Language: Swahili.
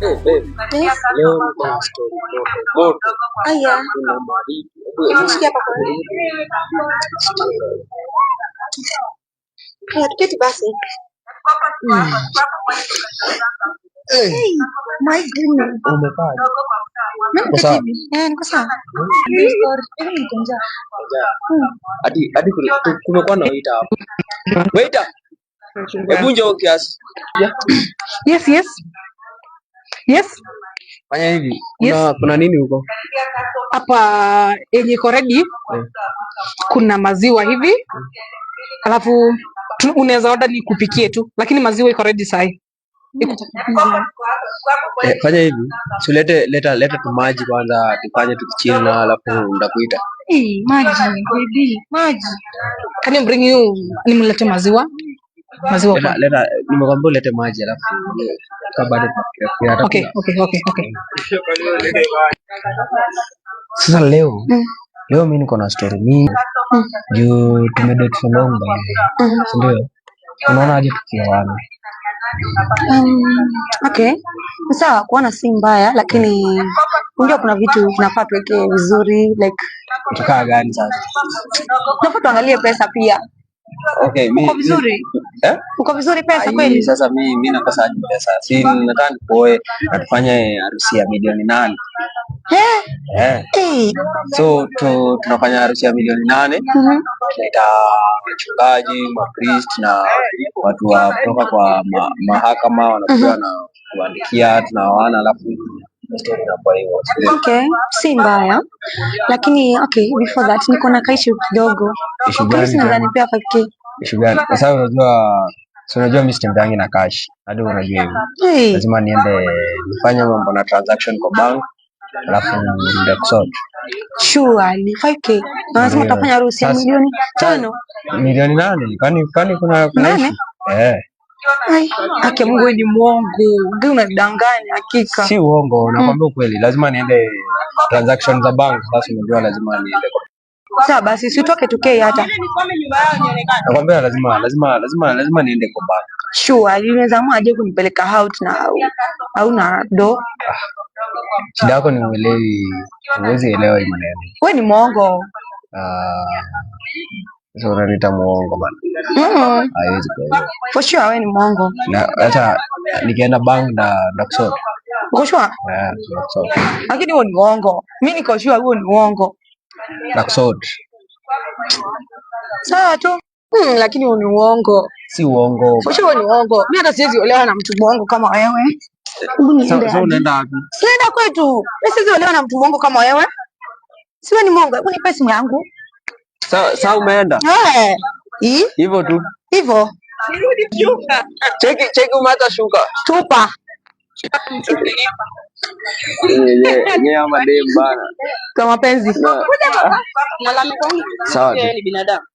Leo nina stori moto tuketi basi. Hadi kumekuwa na waita hapo. Waita, hebu njoo kiasi. Yes, yes. Yes. Fanya hivi. Yes. kuna nini huko? Hapa yenye eh, iko ready Yeah. kuna maziwa hivi eh. alafu unaweza order ni kupikie tu, lakini maziwa iko ready sahi. eh, fanya hivi. Tulete leta leta tu maji kwanza tufanye tukichini na alafu ndakuita. Hey, eh, maji baby, maji. Can you bring you nimlete maziwa? Maziwa Leta leta nimekuambia ulete maji alafu. Sasa leo mm. Leo mi niko na stori mingi mm. juu tumedate for long mm. si ndio? Unaona aje tukiwa wana um, okay, sawa, kuona si mbaya, lakini unajua kuna vitu tunafaa tuweke vizuri like tukaa gani sasa, tunafaa tuangalie pesa pia. Okay, uko vizuri Eh? Uko vizuri pesa kweli? Sasa mimi mimi nakosa pesa. Si nataka nikuoe atufanye harusi ya milioni nane. Eh? Eh. So tu, tunafanya harusi ya milioni nane. Mm-hmm. Tunaita wachungaji, mapriest na watu wa kutoka kwa ma, mahakama wanakuja mm-hmm. na kuandikia tunawana alafu Okay, si mbaya lakini okay, before that niko na kaishu kidogo. Nadhani pia 5k Shugani. Kwa sababu unajua si unajua mimi sitembeangi na cash. Hadi unajua hivi. Lazima niende nifanye mambo na transaction kwa bank. Alafu ndio kusort. Sure, ni 5k. Na lazima utafanya harusi ya milioni tano. Milioni nane. Kwani kwani kuna kuna Eh. Haki Mungu ni mwongo. unadanganya hakika. Si uongo, nakwambia mm. ukweli. Lazima niende transaction za bank. Basi unajua lazima niende Sawa basi, sitoke tukei hata. Nakwambia lazima lazima lazima lazima niende kwa baba. Sure, unaweza amua aje kunipeleka out na au au na do. Shida yako ni uelewi, uwezi elewa hii maneno. Wewe ni mwongo. Ah. Sasa unaniita mwongo bana. Mm. Mm-hmm. Haiwezi kwa hiyo. For sure wewe ni mwongo. Na hata nikienda bank na na kusoma. Uko sure? Eh, lakini huo ni uongo. Mimi niko sure huo ni uongo. Black Sword. Sawa tu. Hmm, lakini huo ni uongo. Si uongo. Sio huo ni uongo. Mimi hata siwezi olewa na mtu mwongo kama wewe. Sasa unaenda wapi? Sienda kwetu. Mimi siwezi olewa na mtu mwongo kama wewe. Siwe ni mwongo. Hebu nipe simu yangu. Sawa, sawa umeenda. Eh. Hivyo tu. Hivyo. Nirudi shuka. Cheki cheki umata shuka. Tupa. Yeye yeye madem bana kama mapenzi sawa binadamu